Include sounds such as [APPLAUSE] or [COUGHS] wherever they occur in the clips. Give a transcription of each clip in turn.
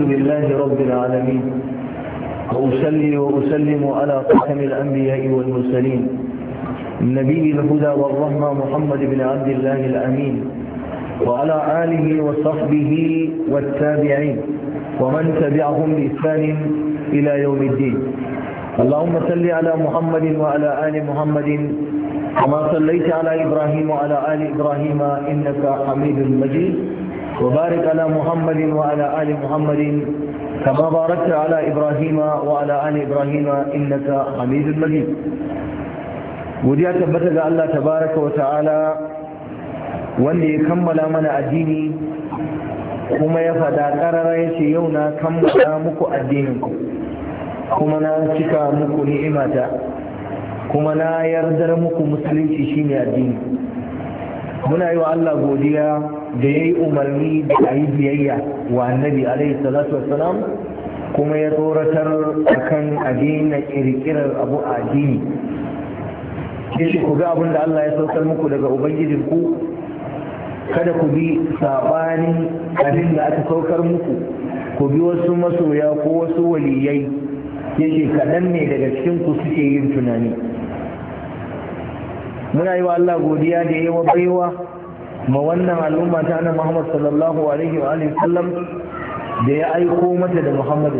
الحمد لله رب العالمين وأسلي وأسلم على قسم الأنبياء والمرسلين النبي الهدى والرحمة محمد بن عبد الله الأمين وعلى آله وصحبه والتابعين ومن تبعهم بإحسان إلى يوم الدين اللهم صل على محمد وعلى آل محمد كما صليت على إبراهيم وعلى آل إبراهيم إنك حميد مجيد وبارك على محمد وعلى آل محمد كما باركت على إبراهيم وعلى آل إبراهيم إنك حميد مجيد godiya tabbata ga Allah tabaraka wa ta'ala wanda ya kammala mana addini kuma ya faɗa ƙarara ya ce yau na kammala muku addininku kuma na cika muku ni'imata kuma na yardar muku musulunci shine addini muna yi wa Allah godiya da ya yi umarni da a yi biyayya wa annabi alaihi salatu Salam. kuma ya tsoratar a akan adina kirkirar abu a addini yace ku ga abin da Allah ya saukar muku daga ubangijin ku kada ku bi sabanin abin da aka saukar muku ku bi wasu masoya ko wasu waliyai yake kaɗan ne daga cikin ku suke yin tunani muna yi wa Allah godiya da yawa baiwa ma wannan al'umma ta na Muhammad sallallahu alaihi wa alihi sallam da ya aiko mata da Muhammad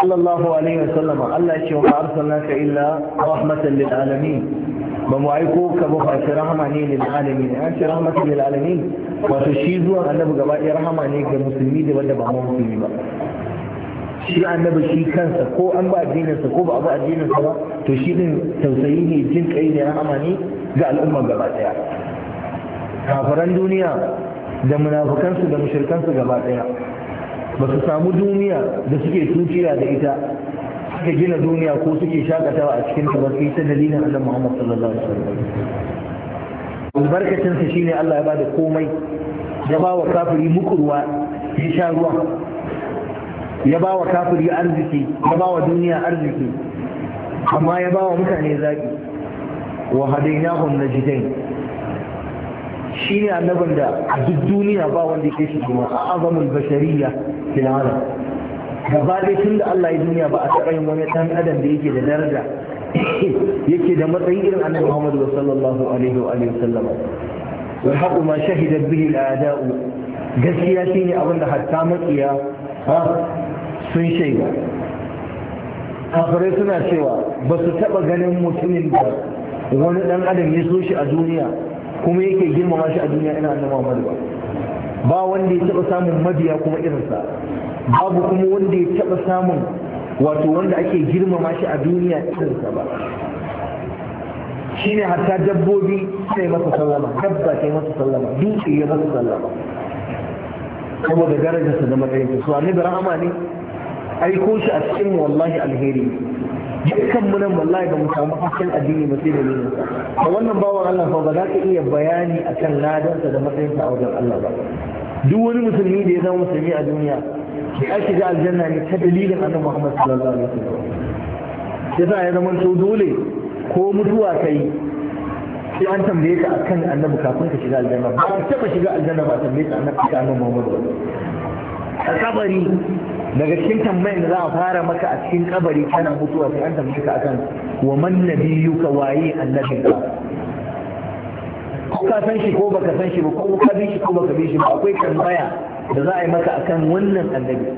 sallallahu alaihi wa sallama Allah ya ce wa arsalnaka illa rahmatan lil alamin ba mu aiko ka ba fa shi rahama ne lil alamin an ce rahmatan lil alamin wato shi zuwan annabi gaba ɗaya rahama ne ga musulmi da wanda ba mu musulmi ba shi annabi shi kansa ko an ba addininsa ko ba a ba addininsa ba to shi din tausayi ne jin kai ne rahama ne ga al'umma gaba ɗaya kafiran duniya da munafukansu da mushirkansu gaba ɗaya ba su samu duniya da suke tuciya da ita suka gina duniya ko suke shakatawa a cikin tabarki ta dalilin Allah Muhammad sallallahu alaihi wasallam albarkacin sa shine Allah ya bada komai ya ba wa kafiri mukurwa ya sha ruwa ya ba wa kafiri arziki ya ba wa duniya arziki amma ya ba wa mutane zaki wa hadainahum najidain shi ne annabin da a duk duniya ba wanda ya shi kuma a azamul bashariya fil alam gaba dai tun da Allah ya duniya ba a taɓa yin wani ɗan adam da yake da daraja [COUGHS] yake da matsayin irin annabi Muhammad sallallahu alaihi wa alihi wasallam wal haqu ma shahida bihi al a'da'u gaskiya shine abin da hatta makiya sun shaida kafirai suna cewa ba su taɓa ganin mutumin da wani ɗan adam ya so shi a duniya kuma yake girmama shi a duniya ina annabi Muhammad ba ba wanda ya taba samun mabiya kuma irinsa babu kuma wanda ya taba samun wato wanda ake girmama shi a duniya irinsa ba shine hatta dabbobi sai masa sallama dabba sai masa sallama dutse ya masa sallama da darajarsa da matsayinsa su annabi rahama ne aiko shi a cikin wallahi alheri dukkan mu nan wallahi ba mu samu hakkin addini ba sai da ne a wannan bawan Allah fa ba za ka iya bayani akan ladansa da matsayinsa a wajen Allah ba duk wani musulmi da ya zama musulmi a duniya ya shiga aljanna ne ta dalilin annabi Muhammad sallallahu alaihi wasallam yasa ya zama to dole ko mutuwa kai sai an tambaye ka akan annabi kafin ka shiga aljanna ba ka taba shiga aljanna ba tambaye ka annabi ka annabi Muhammad a kabari daga cikin tambayin da za a fara maka a cikin kabari kana mutuwa sai an tambaye ka akan wa man ka waye ka ko ka san shi ko baka san shi ba ko ka bi shi ko baka bi shi ba akwai tambaya da za a yi maka akan wannan annabi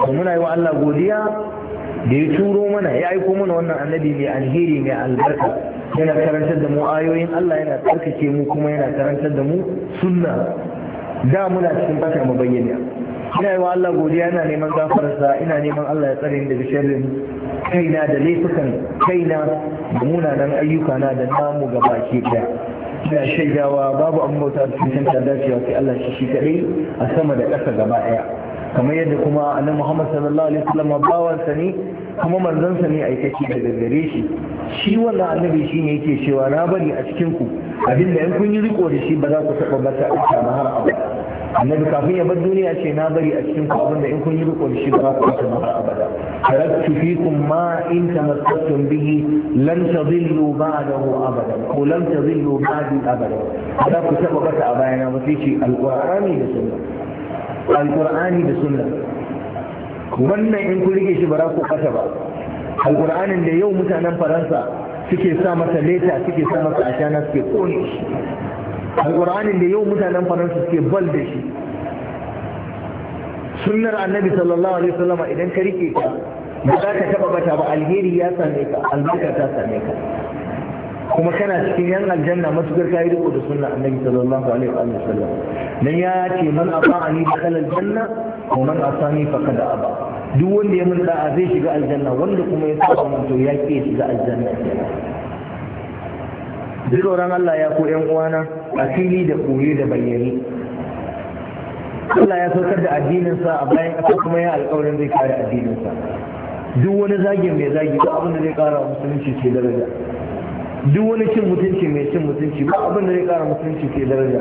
to muna yi wa Allah godiya da ya turo mana ya aiko mana wannan annabi mai alheri mai albarka yana karantar da mu ayoyin Allah yana tsarkake mu kuma yana karantar da mu sunna da muna cikin ma mabayyana ina yi wa Allah godiya ina neman gafararsa ina neman Allah ya tsare ni daga sharrin kaina da laifukan kaina da munanan ayyuka na da namu ga baki daya ina shaidawa babu an bauta cikin dacewa sai Allah shi shi kadai a sama da ƙasa gaba daya kamar yadda kuma annabi Muhammad sallallahu alaihi wasallam bawansa ne kuma manzon sa ne aikaci daga gare shi shi wannan annabi shi ne yake cewa na bari a cikin ku abinda yan kun yi riko da shi ba za ku taɓa bata ba har abada annabi kafin ya bar duniya ce na bari a cikin ku abinda in kun yi rukun shi ba ku ta mara abada fi kum ma in tamassatum bihi lan tadillu ba'dahu abada ko lan tadillu ba'di abada da ku taba bata a bayana ba sai ce alqur'ani da sunna alqur'ani da sunna wannan in kun rike shi ba za ku kasa ba alqur'anin da yau mutanen faransa suke sa masa leta suke sa masa ashana suke kone shi alƙur'anin da yau mutanen faransa suke bal da shi sunnar annabi sallallahu alaihi wasallama idan ka rike ka ba za ka taɓa bata ba alheri ya same ka albarka ta same ka kuma kana cikin yan aljanna matukar kayi riko da sunna annabi sallallahu alaihi wa ba dan ya ce man ata'ani dakhala aljanna wa man asani faqad aba duk wanda ya mun da'a zai shiga aljanna wanda kuma ya saba mun to ya ke shiga aljanna kenan duk tsoron Allah ya ko 'yan uwana a fili da koyi da bayyane Allah ya saukar da addininsa a bayan ƙasa kuma ya alƙawarin zai kare addininsa duk wani zagin mai zagi ba abin da zai ƙara musulunci ke daraja duk wani cin mutunci mai cin mutunci ba abin da zai ƙara musulunci ke daraja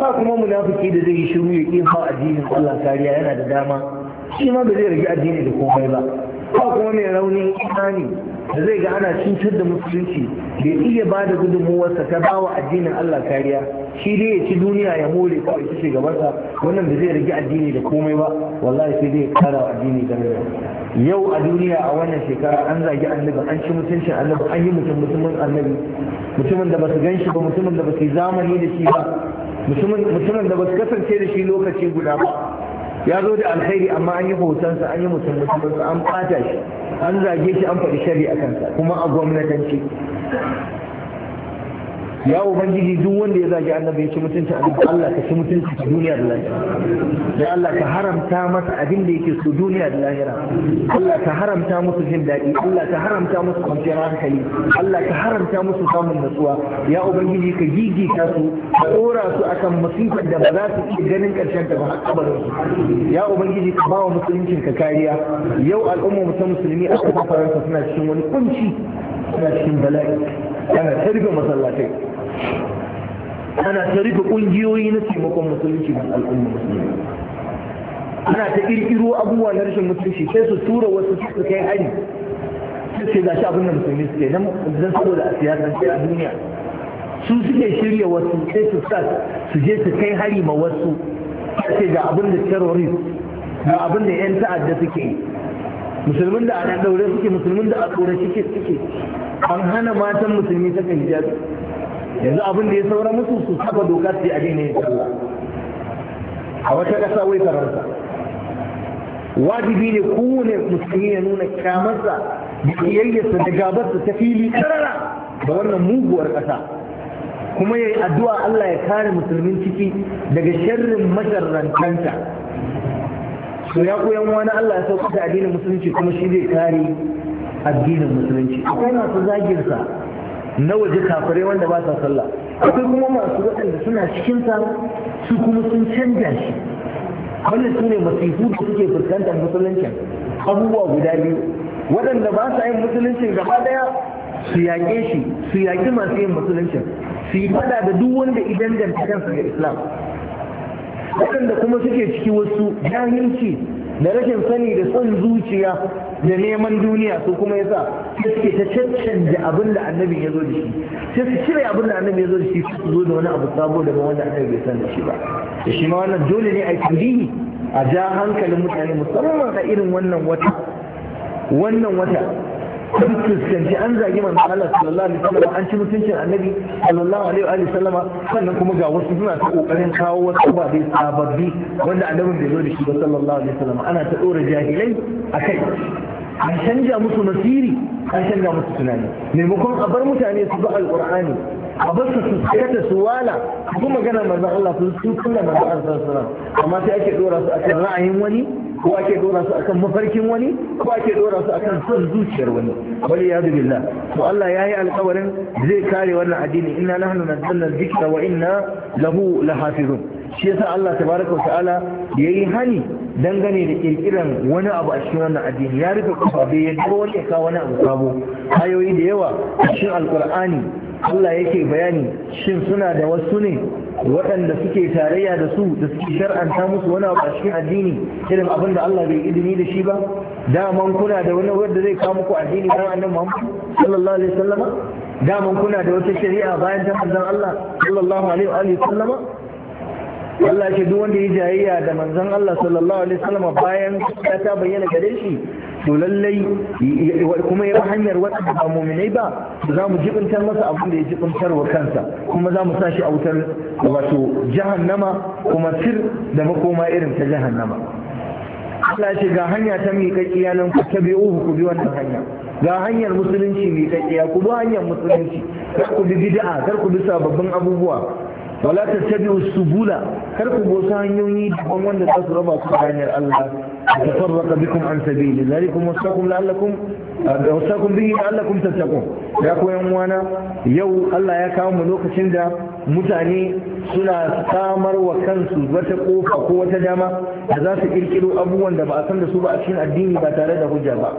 ba kuma munafiki da zai yi shiru ya ƙi hau addinin Allah kariya yana da dama shi ma ba zai rage addini da komai ba ba kuma mai raunin imani da zai ga ana cutar da musulunci bai iya ba da gudunmuwarsa ta ba wa addinin Allah kariya shi dai ya ci duniya ya more kawai ya ci gabansa wannan da zai rage addini da komai ba wallahi sai dai ya kara wa addini ganin yau a duniya a wannan shekara an zagi annabi an ci mutuncin annabi an yi mutum mutumin annabi mutumin da ba su gan shi ba mutumin da ba su yi zamani da shi ba mutumin da ba su kasance da shi lokaci guda ba ya zo da alkhairi amma an yi hotonsa an yi mutum mutum an ɓata shi an zage shi an faɗi shari'a kansa kuma a gwamnatanci ya ubangiji duk wanda ya zagi annabi ya ci mutunci abin Allah ka ci mutunci ta duniya da lahira da Allah ka haramta masa abin da yake so duniya da lahira Allah ka haramta musu jin daɗi Allah ka haramta musu kwanciyar hankali Allah ka haramta musu samun natsuwa ya ubangiji ka gigi ka su ka dora su akan masifar da ba za su iya ganin karshen ta ba a kabarin su ya ubangiji ka ba wa musulunci ka kariya yau al'umma ta musulmi a kasar suna cikin wani kunci suna cikin bala'i ana tarbe masallatai ana ta rufe ƙungiyoyi na taimakon musulunci ga al'umma musulmi ana ta ƙirƙiro abubuwa na rashin musulunci sai su tura wasu su kai hari sai ce gashi abin da musulmi suke nan zan saboda a siyasance a duniya su suke shirya wasu sai su sa su je su kai hari ma wasu sai ga abin da terrorist ga abin da 'yan ta'adda suke yi musulmin da a ɗaure suke musulmin da a tsore suke suke an hana matan musulmi sakan hijabi yanzu abin da ya saura musu su saba doka sai a daina Allah a wata ƙasa wai faransa wajibi ne kowane musulmi ya nuna kyamarsa da kiyayyarsa da gabarsa ta fili karara da wannan muguwar ƙasa kuma ya yi addu'a Allah ya kare musulmin ciki daga sharrin masharrantanta to ya koyan wani Allah ya sauka da addinin musulunci kuma shi zai kare addinin musulunci akwai masu zagirsa na waje kafare wanda ba sa sallah akwai kuma masu waɗanda suna cikin sa su kuma sun canja shi wannan su ne masifu da suke fuskantar musuluncin abubuwa guda biyu waɗanda ba sa yin musuluncin gaba ɗaya su yaƙe shi su yaƙi masu yin musuluncin su yi fada da duk wanda idan da ga islam waɗanda kuma suke ciki wasu jahilci da rashin sani da son zuciya da neman duniya su kuma yasa sai suke ta cancanta abin da annabi ya zo da shi sai su cire abin da annabi ya zo da shi su zo da wani abu sabo da wanda annabi bai san da shi ba da shi ma wannan dole ne a yi a ja hankalin mutane musamman a irin wannan wata wannan wata sun fuskanci an zagi manzon Allah sallallahu alaihi wasallam an ci mutuncin annabi sallallahu alaihi wa sallama sannan kuma ga wasu suna ta kokarin kawo wasu ababe sababbi wanda annabin bai zo da shi ba sallallahu alaihi wasallam ana ta dora jahilai a kai an canja musu nasiri an canja musu tunani maimakon a bar mutane su bi alqur'ani a bar su su kada su wala su magana manzon Allah su su kula manzon Allah sallallahu alaihi wasallam amma sai ake dora su a kan ra'ayin wani ko ake dora su akan mafarkin wani ko ake dora su akan son zuciyar wani wali ya billah to Allah ya yi alƙawarin zai kare wannan addini inna nahnu nazzalna dhikra wa inna lahu lahafizun shi yasa Allah tabaraka ta'ala yi hani dangane da kirkiran wani abu a cikin wannan addini ya rufe kofa bai yadda wani ya kawo wani abu sabo ayoyi da yawa a cikin Alƙur'ani. Allah yake bayani shin suna da wasu ne waɗanda suke tarayya da su da suke shar'anta musu wani abu a cikin addini irin abin da Allah bai idini da shi ba daman kuna da wani wanda zai kawo muku addini bayan annabi Muhammad sallallahu alaihi wasallama daman kuna da wata shari'a bayan ta manzon Allah sallallahu alaihi Allah ce duk wanda ya jayayya da manzon Allah sallallahu alaihi wasallam bayan ta bayyana gare shi to lallai kuma ya hanyar wata ba muminai ba za mu jibintar masa abin da ya jibintar wa kansa kuma za mu sa shi a wutar wato jahannama kuma sir da makoma irin ta jahannama Allah ce ga hanya ta miƙaƙiya nan ku biyo ku bi wannan hanya ga hanyar musulunci miƙaƙiya ku bi hanyar musulunci kar ku bi bid'a kar ku bi sababbin abubuwa wala su bula kar ku bo hanyoyi daban wanda za su raba ku hanyar Allah da farraka bikum an sabili zalikum wasakum la'allakum wasakum bihi la'allakum tattaqun ya ku yan uwana yau Allah ya kawo mu lokacin da mutane suna samar wa kansu wata kofa ko wata dama da za su kirkiro abubuwan da ba a san da su ba a cikin addini ba tare da hujja ba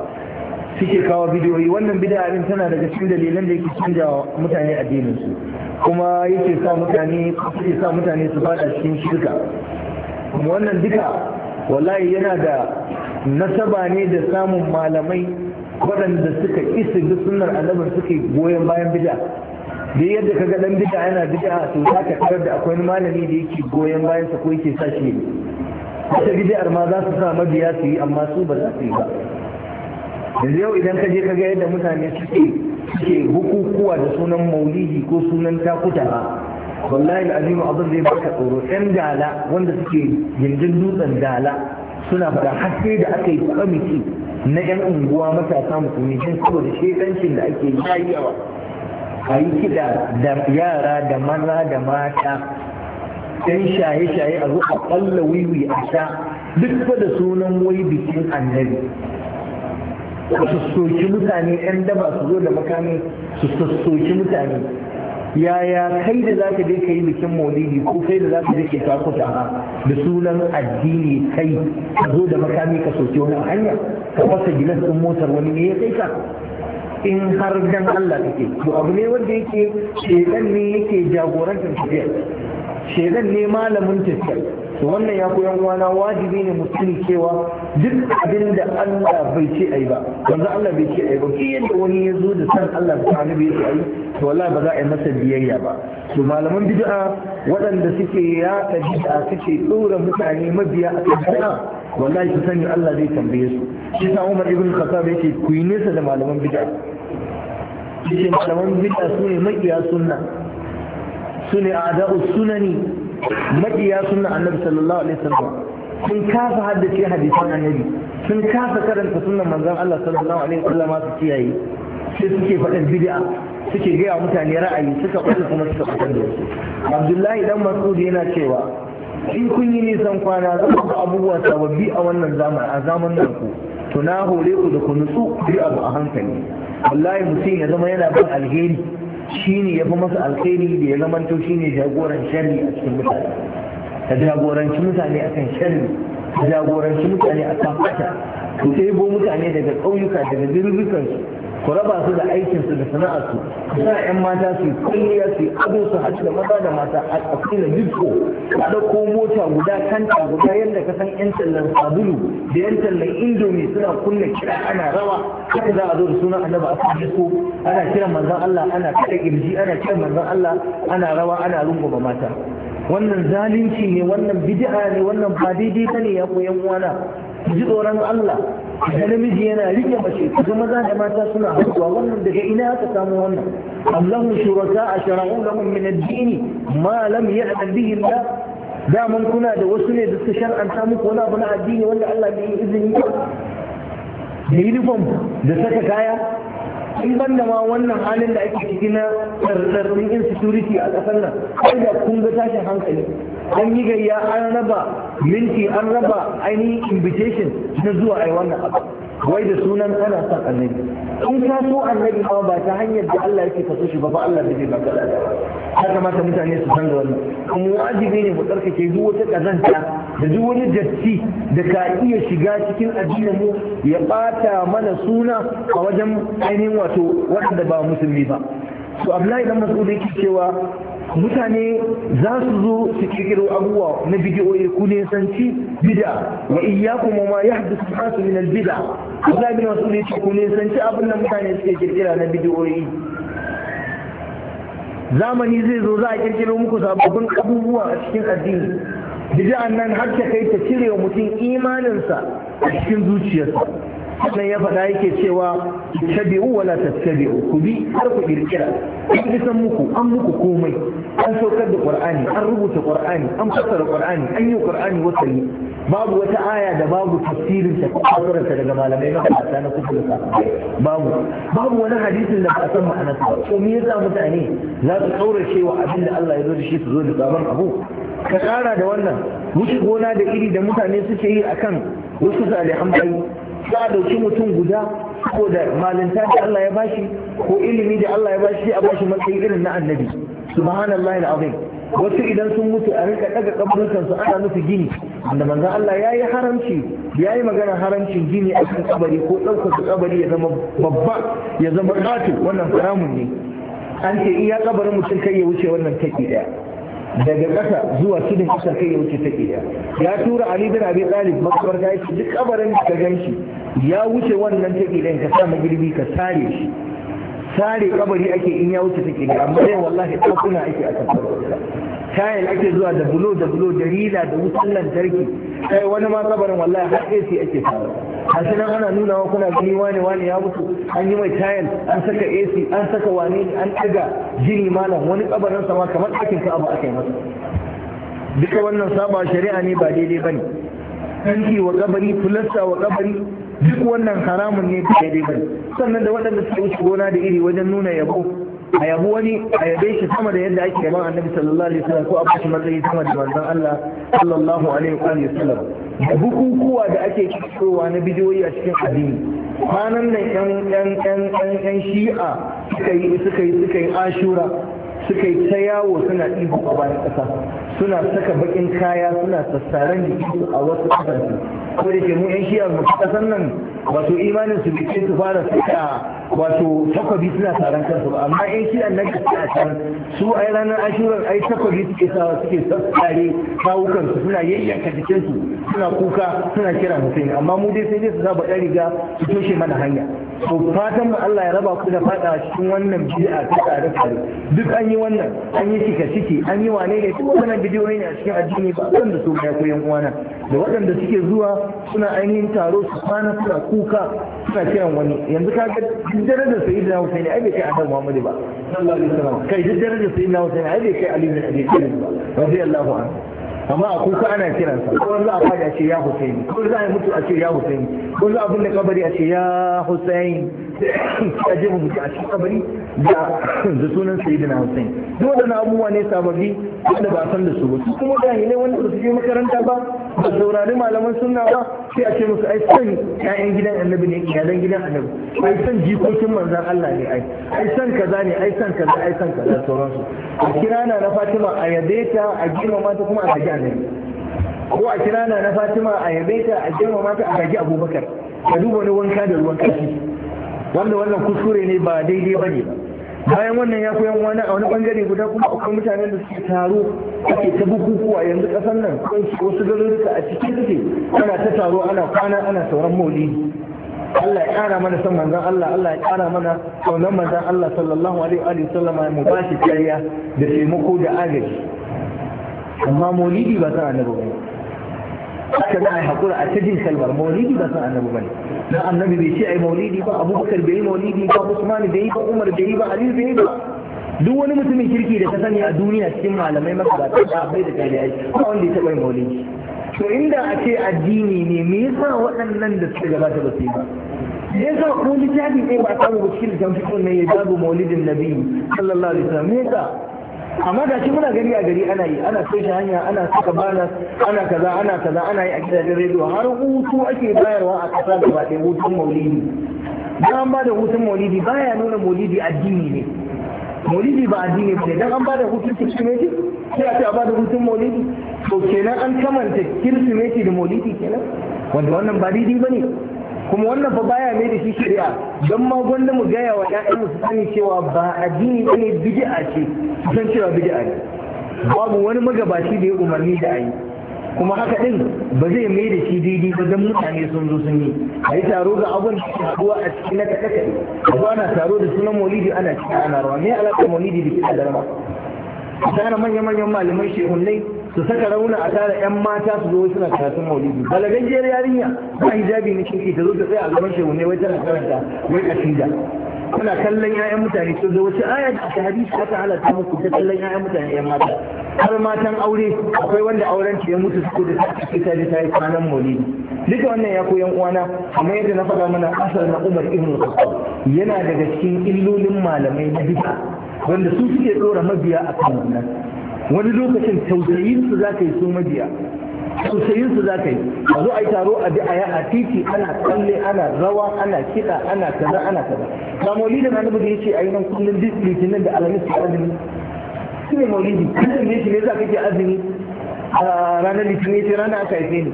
suke kawo bidiyoyi wannan bid'a din tana daga cikin dalilan da yake canja mutane addinin su kuma yake sa mutane sa mutane su fada cikin shirka kuma wannan duka wallahi yana da nasaba ne da samun malamai waɗanda suka isa duk sunnar annabin suke goyon bayan bid'a dai yadda ka ga dan bid'a yana bid'a to za ka tarar da akwai malami da yake goyon bayan sa ko yake sa shi wata bid'ar ma za su sa mabiya su yi amma su ba za su yi ba yanzu yau idan ka je ka ga yadda mutane suke suke bukukuwa da sunan maulidi ko sunan takuta wallahi azimu abin zai baka tsoro yan dala wanda suke gindin dutsen dala suna fada haske da aka yi kwamiti na yan unguwa matasa musulmi don saboda shekancin da ake yi a yi kiɗa da yara da maza da mata yan shaye-shaye a zo a ƙalla wiwi a sha duk da sunan wai bikin annabi su soki mutane yan daba su zo da makami su soki mutane yaya kai da za ka je ka yi bikin maulidi ko kai da za ka je ka takuta da sunan addini kai ka zo da makami ka soki wani hanya ka fasa gilas ɗin motar wani ne ya kai ka in har dan Allah kake to abu ne wanda yake shedan ne yake jagorantar tafiya shedan ne malamin tafiya to wannan ya koyan wana wajibi ne mutum cewa duk abin da Allah bai ce ai ba wanda Allah bai ce ai ba ki yadda wani ya zo da san Allah ta hannu bai ce ai to wallahi ba za a yi masa biyayya ba to malaman bid'a waɗanda suke ya yaɗa bid'a suke ɗora mutane mabiya a kan bid'a wallahi su sani Allah zai tambaye su shi sa Umar ibn Khattab yake ku yi nesa da malaman bid'a shi malaman bid'a su ne maƙiya sunna su ne da'u sunani maƙiya sunna annabi sallallahu alaihi wasallam sun kasa haddace hadisan annabi sun kasa karanta sunan manzon Allah sallallahu alaihi wasallam su kiyaye sai suke faɗin bid'a suke gaya mutane ra'ayi suka ɓata kuma suka fitar da abdullahi dan mas'ud yana cewa in kun yi nisan kwana za ku abubuwa sababbi a wannan zamani a zamanin ku to na hore ku da ku nutsu bi abu a hankali wallahi mutum ya zama yana bin alheri shine ya fi masa alheri da ya zamanto shine jagoran shari a cikin mutane ka jagoranci mutane akan shirin ka jagoranci mutane kan fata ku ɗebo mutane daga ƙauyuka daga birnukansu ku raba su da aikinsu da sana'arsu ku sa 'yan mata su kulliya su ado su haɗu da maza da mata a tsakiyar da jiko a ɗauko mota guda kanta guda yadda ka san 'yan tallan sabulu da 'yan tallan indomi suna kunna kira ana rawa haka za a zo da sunan annaba a kan jiko ana kiran manzon Allah ana kaɗa kirji ana kiran manzon Allah ana rawa ana rungume mata wannan zalunci ne wannan bid'a ne wannan ba daidai bane ya koyan uwana ji tsoron Allah da namiji yana rike mace kuma maza da mata suna haɗuwa wannan daga ina aka samu wannan Allahu shuraka a shara'u lahum min ad-din ma lam ya'lam bihi Allah kuna da wasu ne da suka shar'anta muku wani abu na addini wanda Allah bai yi izini da uniform da saka kaya in ban da ma wannan halin da ake ciki na tsartsarrin insecurity a ƙasar nan kai da kun ga tashin hankali an yi gayya an raba minti an raba ainihin invitation na zuwa ai wannan abu wai da sunan ana son annabi in ka so annabi ma ba ta hanyar da Allah yake kaso shi ba ba Allah bai baka da ya kamata mutane su san da wannan kuma wajibi ne mu tsarkake duk wata kazanta da duk wani datti da ka iya shiga cikin addinin mu ya bata mana suna a wajen ainihin wato waɗanda ba musulmi ba to Abdullahi dan Mas'ud yake cewa mutane za su zo su kirkiro abubuwa na bidiyoyi ku ne sanci bid'a wa iyyakum ma yahdathu hasu min al-bid'a Abdullahi bin Mas'ud yake ku ne sanci abin da mutane suke kirkira na bidiyoyi zamani zai zo za a kirkiro muku sababbin abubuwa a cikin addini bid'an nan har ta kai ta cire wa mutum imaninsa a cikin zuciyarsa sannan ya faɗa yake cewa tabi'u wala tattabi'u ku bi har ku kirkira an isan muku an muku komai an saukar da ƙur'ani, an rubuta qur'ani an fassara qur'ani an yi qur'ani wasali babu wata aya da babu tafsirin ta fasarar daga malamai na fata na kudu da babu babu wani hadisin da ba a san ma'anarsa ba ko me yasa mutane za su kaurace wa abin da Allah ya zo da shi su zo da sabon abu ka tsara da wannan wuce gona da iri da mutane suke yi akan wasu salihan bayi za a dauki mutum guda ko da malinta da Allah ya bashi ko ilimi da Allah ya bashi a bashi matsayi irin na annabi subhanallahi alazim wasu idan sun mutu a rika daga kaburinkan su ana nufi gini da manzon Allah yayi haramci yayi magana haramcin gini a cikin kabari ko daukar kabari ya zama babba ya zama katu wannan haramun ne an ce iya kabarin mutum kai ya wuce wannan taki ɗaya. daga ƙasa zuwa tudun ƙasar kai ya wuce ta ƙiya ya tura ali bin abi talib makabar ta yake duk kabarin ka gan shi ya wuce wannan ta ƙiya ka sa magirbi ka sare shi sare kabari ake in ya wuce ta ƙiya amma dai wallahi kuna ake a kan tayil ake zuwa da bulo da bulo da rila da wutan lantarki kai wani ma kabarin wallahi har AC ake samu a nan ana nuna wa kuna gani wani wani ya mutu an yi mai tayan an saka ac an saka wani an daga jini malam wani kabarin sama kamar ɗakin ka abu aka yi masa duka wannan saba shari'a ne ba daidai bane kanki wa kabari fulasta wa kabari duk wannan haramun ne ba daidai bane sannan da waɗanda suka wuce gona da iri wajen nuna yabo a yabu wani a yabe shi sama da yadda ake yaban annabi sallallahu alaihi wasallam ko a bashi matsayi sama da manzon Allah sallallahu alaihi wasallam da bukukuwa da ake kirowa na bidiyoyi a cikin addini kwanan nan yan yan yan yan yan shi'a suka yi suka yi suka yi ashura suka yi ta yawo suna ihu a bayan ƙasa suna saka bakin kaya suna sassaren jiki a wasu ƙasashe ko da ke mu yan shi'a mu ƙasan nan wato imanin su bice su fara ta, wato takwabi suna taron kansu ba amma in shi annabi a can su ai ranar ashirar ai takwabi suke sa suke sassare kawukan su suna yayyanka jikin su suna kuka suna kira mutum amma mu dai sai dai su saba ɗari riga su toshe mana hanya to fatan mu Allah ya raba ku da fada cikin wannan bid'a ta tsare tsare duk an yi wannan an yi cika ciki an yi wane ne duk wannan bidiyoyi ne a cikin addini ba da su ga yan uwana da waɗanda suke zuwa suna ainihin taro su kwana suna kuka suna kiran wani yanzu ka ga darajar sayyidina Husaini ai bai kai Adam Muhammad ba sallallahu alaihi wasallam kai darajar sayyidina Husaini ai bai kai Ali bin Abi Talib ba radiyallahu anhu amma a kuka ana kiransa ko za a fadi a ce ya Hussein ko za a mutu a ce ya Hussein ko za a binne kabari a ce ya Hussein je mu buki a cikin kabari da sunan sayyidina Hussein duk waɗannan abubuwa ne sababbi wanda ba san da su ba su kuma ne wanda ba su je makaranta ba ba saurari malaman sunna ba sai a ce musu ai san ƴaƴan gidan annabi ne iyalan gidan annabi ai san jikokin manzan Allah ne ai ai san kaza ne ai san kaza ai san kaza sauransu a kira na na Fatima a yabe ta a girmama ta kuma a gaji annabi ko a kira na na Fatima a yabe ta a girmama ta a gaji Abubakar ka duba wani wanka da ruwan kashi wanda wannan kuskure ne ba daidai ba ne bayan wannan ya koyan wani a wani bangare guda kuma akwai mutanen da suke taro ake ta bukukuwa yanzu kasar nan kansu wasu garuruka a cikin suke ana ta taro ana kwana ana sauran maulidi Allah ya kara mana san manzon Allah Allah ya kara mana kaunar manzon Allah sallallahu alaihi wa sallama mu ba shi kariya da taimako da agaji amma maulidi ba ta annabi ba haka na a yi haƙura a tajin kalmar maulidi ba san annabi bane dan annabi bai ce ai maulidi ba abubakar bai yi maulidi ba usman bai yi ba umar bai yi ba ali bai yi ba duk wani mutumin kirki da ta sani a duniya cikin malamai makarata da kai da jami'ai ba wanda ya taɓa yin maulidi to inda a ce addini ne me yasa waɗannan da suka gabata ba su yi ba me yasa ko littafi ɗaya ba a samu ba cikin littafin ne ya babu maulidin nabi sallallahu alaihi wasallam me yasa amma da shi muna gari a gari ana yi ana toshe hanya ana saka bana ana kaza ana kaza ana yi a gidajen rediyo har hutu ake bayarwa a kasa da ɗaya hutun maulidi dan an bada hutun maulidi baya nuna maulidi addini ne maulidi ba addini ba ne dan an bada hutun kirsimeti sai a ce a bada hutun maulidi to kenan an kamanta kirsimeti da maulidi kenan wanda wannan ba daidai ba ne kuma wannan fa baya mai da shi shari'a don ma gwanda mu gaya wa ƴaƴan mu su sani cewa ba addini ne bid'a ce su san cewa bid'a ne babu wani magabaci da ya umarni da ayi kuma haka din ba zai mai da shi daidai ba don mutane sun zo sun yi a yi taro ga abun haɗuwa a cikin na kaɗe kaɗe a zo ana taro da sunan maulidi ana cikin ana rawa me alaƙar maulidi da kiɗa da rawa ta manyan manyan malamai shehunai su saka rauna a tare yan mata su zo suna karatun maulidi balagajiyar yarinya ba hijabi ne shi ta zo ta tsaya a gaban shehu ne wai tana karanta wai kasida kuna kallon 'ya'yan mutane sun zo wace aya da ta hadisi ta muku ta kallon 'ya'yan mutane 'yan mata har matan aure akwai wanda auren ya mutu su da su ta ji ta yi kwanan maulidi. duka wannan ya koyan uwana amma yadda na faɗa mana asar na umar ibn khattab yana daga cikin illolin malamai na bid'a wanda su suke dora mabiya a kan wannan wani lokacin tausayin su za ka yi su majiya tausayin su za ka yi a zo a yi taro a bi a a titi ana tsalle ana rawa ana kiɗa ana kaza ana kaza ga maulidin annabi da yace a yi nan kullum duk litinin da alamis ke azumi su ne maulidi kullum ne shi ne za ka ke azumi a ranar litinin ce ranar aka haife ne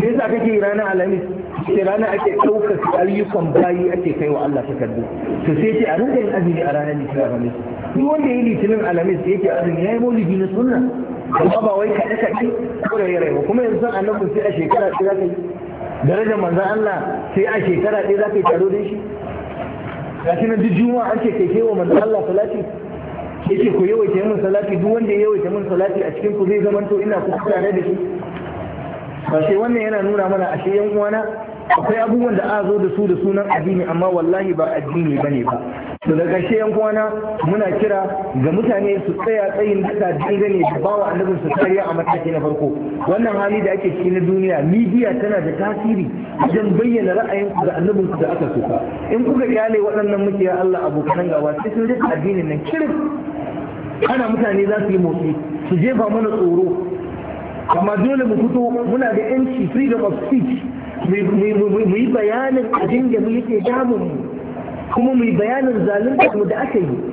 me yasa kake ranar alamis ke rana ake ɗaukar ayyukan bayi ake kai wa Allah takardu to sai ce a rinka yin azumi a ranar litinin alamis Ni wanda ya yi litinin alamis yake azumi ya yi maulidi na sunna amma ba wai kaɗe kaɗe ko da ya rayuwa kuma yanzu san annabin sai a shekara ɗaya za ka yi darajar manzan Allah sai a shekara ɗaya za ka yi taro da shi gashi na duk juma'a ake kai kai wa manzan Allah salati yake ku yawaita min salati duk wanda ya yawaita min salati a cikin ku zai zamanto ina ku tare da shi ba sai wannan yana nuna mana ashe yan uwana akwai abubuwan da aka zo da su da sunan addini amma wallahi ba addini ba ne ba to da gashi yan kwana muna kira ga mutane su tsaya tsayin dinga ne da bawa annabin su kariya a mataki na farko wannan hali da ake ciki na duniya midiya tana da tasiri wajen bayyana ra'ayin ku da annabin da aka soka in kuka kyale waɗannan mukiya Allah abokan gaba sai sun rika addinin nan kirin kana mutane za su yi motsi su jefa mana tsoro amma dole mu fito muna da yanci freedom of speech mu yi bayanin abin da mu yake damun mu kuma mu yi bayanin zalunta mu da aka yi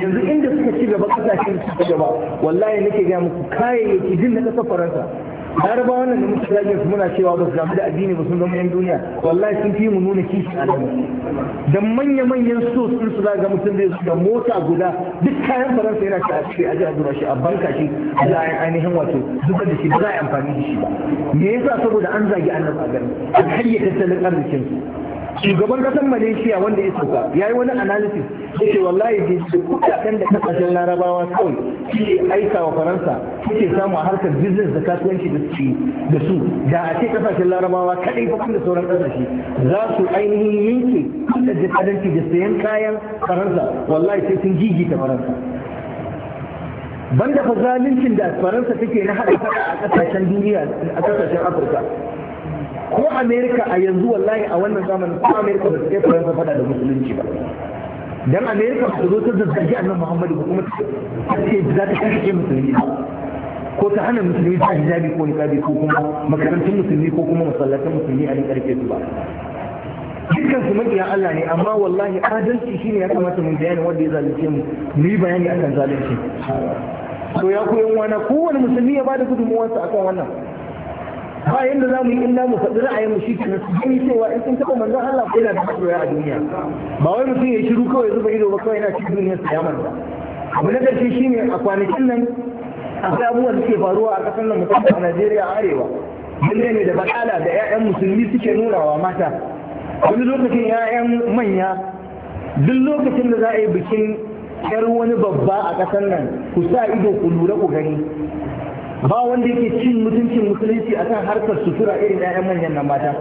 yanzu inda suka ci gaba kasashen su gaba wallahi nake ga muku kayayyaki din na kasar faransa laraba wannan da muke zagin su muna cewa ba su damu da addini ba sun zama yan duniya wallahi sun fi mu nuna kishi a gaba da manya-manyan so sun su zaga mutum zai da mota guda duk kayan faransa yana ci a a ji a zura shi a banka shi za a ainihin wato zubar da shi ba za a yi amfani da shi ba me yasa saboda an zagi annabi a garin an karya tattalin arzikin su shugaban kasar malaysia wanda ya sauka ya yi wani analysis ya ce wallahi da kudaden da kasashen larabawa kawai suke aika wa faransa ke samu a harkar business da kasuwanci da su da su da a ce kasashen larabawa kadai kuma da sauran kasashe za su ainihin yanke da jikadanci da sayan kayan faransa wallahi sai sun gigita faransa banda fa zaluncin da faransa take na haɗa a kasashen duniya a kasashen afirka ko amerika a yanzu wallahi a wannan zamani ko amerika ba su kai faransa fada da musulunci ba dan amerika ba su zo ta zazzagi annabi muhammadu ba kuma ta ce za ta kashe musulmi ko ta hana musulmi ta hijabi ko niqabi ko kuma makarantun musulmi ko kuma masallatan musulmi a karfe su ba dukkan su makiya Allah ne amma wallahi adalci shine ya kamata mu bayani wanda ya zalunce mu mu yi bayani akan zalunci to ya koyon wana kowane musulmi ya bada gudunmuwarsa akan wannan ba yadda za mu yi illa mu faɗi ra'ayin mu shi ke na gani cewa in sun taɓa manzon Allah ko yana da masoya a duniya ba wai mutum ya shiru kawai zuba ido ba kawai yana cikin duniyar sa ya manta abu na ƙarshe shine a kwanakin nan akwai abubuwan da suke faruwa a ƙasar nan musamman a Najeriya arewa lalle ne da bakala da 'ya'yan musulmi suke nunawa mata wani lokacin 'ya'yan manya duk lokacin da za a yi bikin yar wani babba a ƙasar nan ku sa ido ku lura ku gani ba wanda yake cin mutuncin musulunci a kan harkar sutura irin 'ya'yan manyan nan mata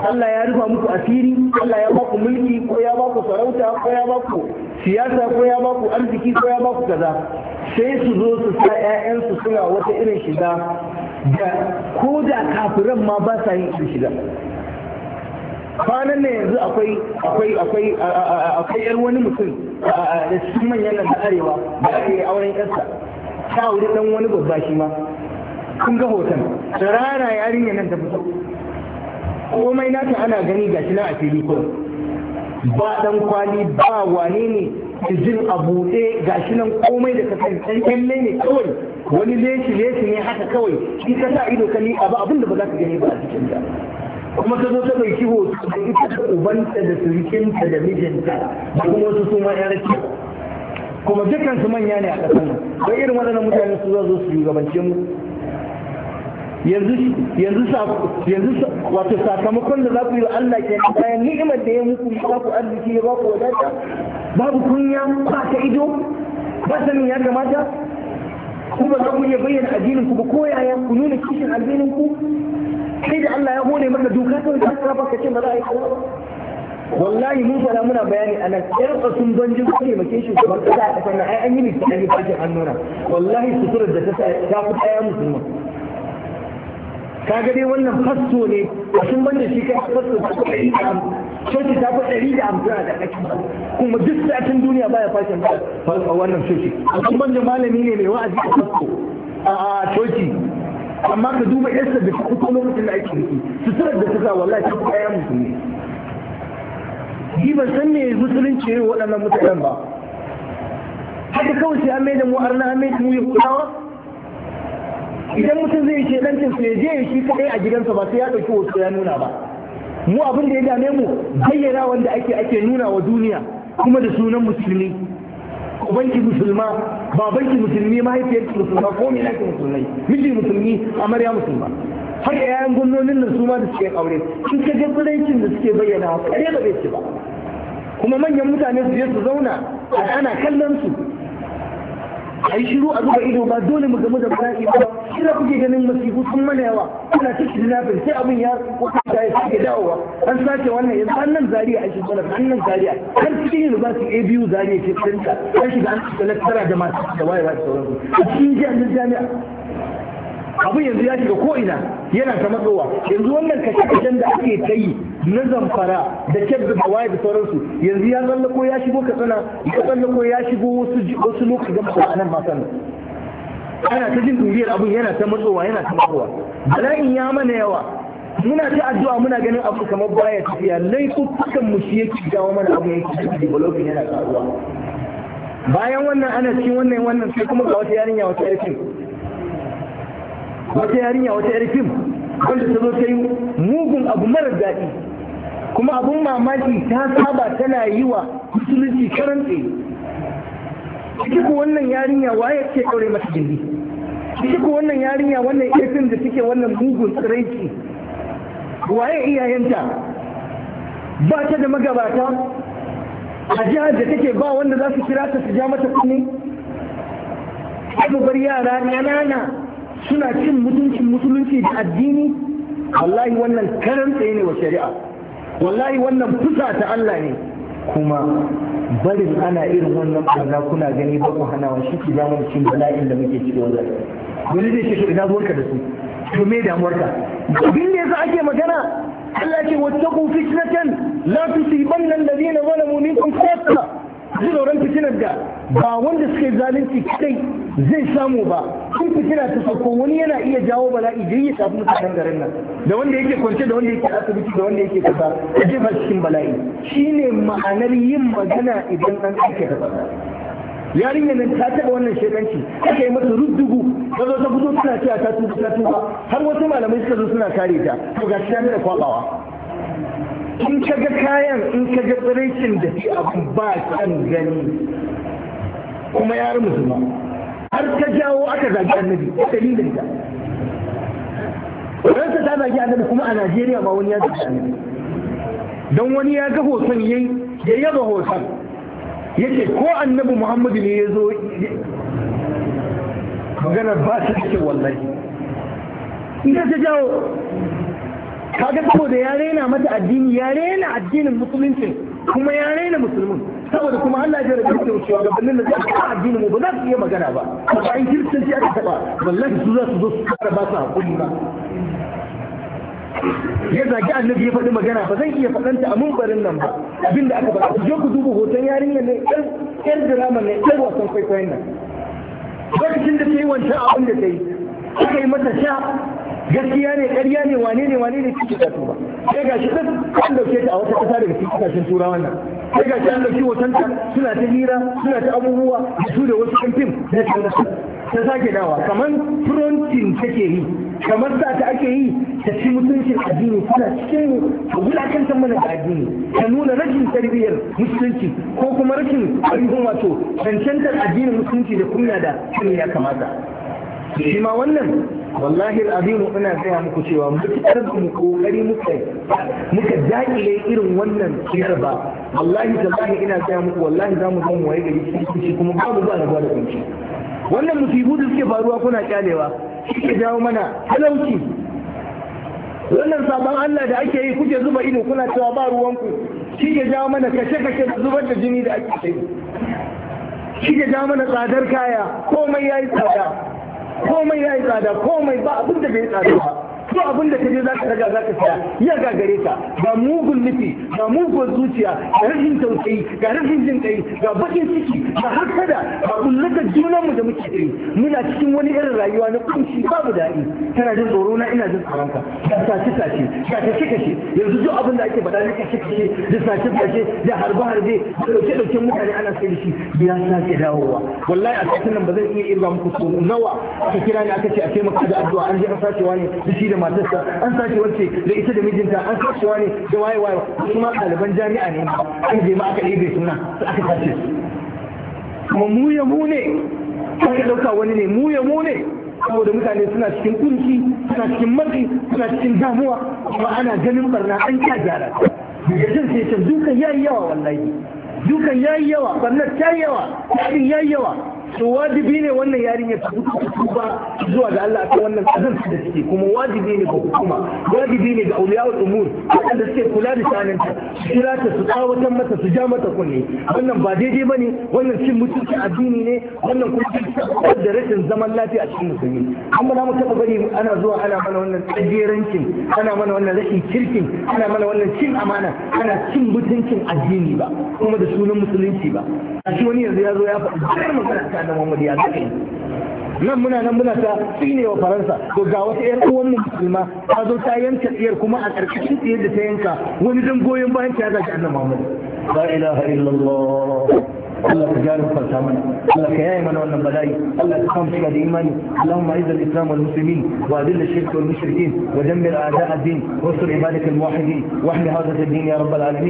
Allah ya rufa muku asiri Allah ya baku mulki ko ya baku sarauta ko ya baku siyasa ko ya baku arziki ko ya baku kaza sai su zo su sa 'ya'yansu suna wata irin shiga da ko da kafiran ma ba sa yin irin shiga kwanan ne yanzu akwai akwai akwai yar wani mutum da cikin manyan nan da arewa da ake auren yarsa ta auri dan wani babba shi ma kun ga hoton rara yarinyar nan ta fito komai nata ana gani ga shi na a fili ko ba dan kwali ba wane ne jin a buɗe ga shi nan komai da kasan ɗan kyalle ne kawai wani leshi leshi ne haka kawai shi ka sa ido ka abu abin da ba za ka gani ba a cikin da kuma ta zo ta ɗauki hoto da ita da ubanta da surukinta da mijinta da kuma wasu suma 'yan rakiya kuma dukkan su manya ne a ƙasar nan don irin waɗannan mutane su zo su shugabance mu yanzu wato sakamakon da za ku yi wa Allah ke bayan ni'imar da ya muku ba ku arziki ya ba ku wadata babu kunya ba ta ido ba sanin ya kamata ku ba za ku iya bayyana addinin ku ba ko yaya ku nuna kishin addinin ku sai da Allah ya hone maka doka ta ta ba ka ce ba za a yi ba wallahi mun fara muna bayani a nan ƴan ƙasun banjin ko ne mace shi kamar ƙasa a ƙasar nan ai an yi ne ta yi fashin hannuna wallahi suturar da ta sa ta fi ɗaya musulma kaga dai wannan fasto ne a sun banda shi kai fasto ta fi ɗari da coci ta fi ɗari da amfani a ƙarƙashin kuma duk satin duniya baya fashin ba a wannan coci a sun banda malami ne mai wa'azi a fasto a coci amma ka duba yarsa da ta fito lokacin da ake biki suturar da ta sa wallahi ta fi ɗaya musulmi yi ban san me musulunci ne waɗannan mutanen ba haka kawai sai an maida mu arna an maida mu yahudawa idan mutum zai ce dan cinsu ya je shi kadai a gidansa ba sai ya ɗauki wasu ya nuna ba mu abin da ya dame mu bayyana wanda ake ake nuna wa duniya kuma da sunan musulmi ubanki musulma ba banki musulmi mahaifiyar musulma ko mai nake musulmai miji musulmi amarya musulma har yayan gwamnonin nan su ma da suke aure shi ka ga tsiraicin da suke bayyana kare da bai ci ba kuma manyan mutane su je su zauna a ana kallon su a yi shiru a zuba ido ba dole mu gamu da bala'i ba kira kuke ganin masifu sun mana yawa kuna ta da nafin sai abin ya kwata ya suke dawowa an sace wannan yanzu an nan zariya shi shiga an nan zariya har cikin su a biyu zariya ke tsinta an shiga an shiga lecturer da masu da wayewa da sauransu a cikin jami'a abin yanzu ya shiga ko ina yana ta matsowa yanzu wannan kashe-kashen da ake ta yi na zamfara da kyar da waye da sauransu yanzu ya ko ya shigo tsana ya ko ya shigo wasu lokaci ga mutanen masu ana ta jin ɗuriyar abin yana ta matsowa yana ta matsowa bala'in ya mana yawa muna ta addu'a muna ganin abu kamar baya tafiya laifukan mu shi yake jawo mana abu yake developing yana karuwa bayan wannan ana cikin wannan wannan sai kuma ga wata yarinya wata yarkin wata yarinya wata yar fim wanda ta zo ta yi mugun abu marar daɗi kuma abun mamaki ta saba tana yi wa musulunci karan tsaye ciki ko wannan yarinya waye ke kaure mata gindi ciki ko wannan yarinya wannan yar fim da suke wannan mugun tsiraici waye iyayenta ba ta da magabata a jihar da take ba wanda za su kira ta su ja mata kuni ai bar yara ƙanana suna cin mutuncin musulunci da addini wallahi wannan karan tsaye ne wa shari'a wallahi wannan kusa ta Allah ne kuma barin ana irin wannan barna kuna gani ba ku hana wa shi ki zama cin bala'in da muke ciki wannan wani zai ce to ina zuwarka da su to me damuwarka abin da yasa ake magana Allah ce wattaqu fitnatan la tusibanna alladhina zalamu minkum khassa ji fitinar da ba wanda suke zalunci kadai zai samu ba kun fitina ta sauko wani yana iya jawo bala'i da ya shafi mutanen garin nan da wanda yake kwance da wanda yake asibiti da wanda yake kasa da jefa cikin bala'i shine ma'anar yin magana idan an ake da yarinyar nan ta taɓa wannan shekanci aka yi mata ruddugu ta zo ta fito tana cewa ta tuba ta tuba har wasu malamai suka zo suna kare ta to ga shi ta da kwabawa in ka ga kayan in ka ga tsirrikin da shi abu ba kan gani kuma ya rumu musulma har ka jawo aka zagi annabi dalilin ta ransa ta zagi annabi kuma a najeriya ma wani ya zagi annabi don wani ya ga hoton yayi ya yaba hoton ce ko annabi muhammadu ne ya zo maganar ba su cikin wallahi ka ta jawo kaga saboda ya raina mata addini ya raina addinin musulunci kuma ya raina musulmin saboda kuma Allah ya rabu da cewa bannin da zai ka mu ba za su iya magana ba ba in kiristanci aka taba wallahi su za su zo su fara ba su hakuri ba ya zagi annabi ya faɗi magana ba zan iya faɗanta a mumbarin nan ba da aka faɗa ku je ku duba hoton yarinyar ne ɗan drama ne yar wasan kwaikwayon nan lokacin da ta yi wancan abin da ta yi aka yi mata sha gaskiya ne ƙarya ne wane ne wane ne cikin kasu ba sai ga shi ɗin an dauke ta a wata ƙasa daga cikin kasashen turawan nan sai ga shi an dauki ta suna ta hira suna ta abubuwa da su da wasu ɗan fim na ta ta sake dawa kamar frontin take yi kamar sa ta ake yi ta ci mutuncin addini suna cikin wulakantar mana da addini ta nuna rashin tarbiyyar musulunci ko kuma rashin ainihin wato cancantar addinin musulunci da kunya da ya kamata shi ma wannan wallahi al'azim ina gaya muku cewa mutukar mu kokari muka muka dakile irin wannan kiyar ba wallahi tallahi ina gaya muku wallahi za mu zama waye gari cikin kunci kuma babu ba rabuwa da kunci wannan musibu da suke faruwa kuna kyalewa suke jawo mana talauci wannan sabon Allah da ake yi kuke zuba ido kuna cewa ba ruwanku shi ke jawo mana kashe-kashe da zubar da jini da ake yi shi ke jawo mana tsadar kaya komai ya yi tsada komai ya yi tsada komai ba abin da bai tsada ba to abin da kaje za ka raga za ka saya ya gare ka ga mugun nufi ga mugun zuciya ga rashin tausayi ga rashin jin kai ga bakin ciki ga hasada ga kullaka junan mu da muke yi muna cikin wani irin rayuwa na kunci babu daɗi kana jin tsoro na ina jin tsaron ka ga sace ga kashe kashe yanzu duk abin da ake faɗa na kashe kashe da sace sace da harbe harbe da ɗauke dauke mutane ana sai da shi ya sake dawowa wallahi a cikin nan ba zan iya irga muku so nawa aka kira ni aka ce a taimaka da addu'a an je sacewa ne da shi da matarsa an sake wacce da ita da mijinta an sake wani da waye waye su ma ɗaliban jami'a ne an je ma aka ɗebe suna aka sace su kuma mu ya mu ne kan ka ɗauka wani ne mu ya mu ne saboda mutane suna cikin kunci suna cikin matsi suna cikin damuwa kuma ana ganin barna an kya gyara daga jin sai can dukan yayi yawa wallahi dukan yayi yawa barnar ta yawa ta yayi yawa to wajibi ne wannan yarinya ta fito ta tuba zuwa ga Allah akan wannan azan da suke kuma wajibi ne ga hukuma wajibi ne ga auliyawul umur wanda suke kula da shanin ta kira ta su tsawatan mata su ja mata kunne wannan ba daidai bane wannan cin mutunci addini ne wannan kuma cin da rashin zaman lafiya a cikin musulmi an ba mu taba bari ana zuwa ana mana wannan tsajerancin ana mana wannan rashin kirkin ana mana wannan cin amana ana cin mutuncin addini ba kuma da sunan musulunci ba a shi wani yanzu ya zo ya faɗi magana annan Muhammadu ya zaɓe nan muna nan muna ta tsine wa faransa to ga wata yar uwan mu musulma ta zo ta yanka tsiyar kuma a ƙarƙashin tsiyar da ta yanka wani dan goyon bayan ta zaɓe annan Muhammadu wannan bala'i Allah ka kama da imani Allahumma izzal islam wal muslimin wa adilla a'da ad-din wa sur ibadak al muwahhidin wa ahli hadha ad-din ya rabbal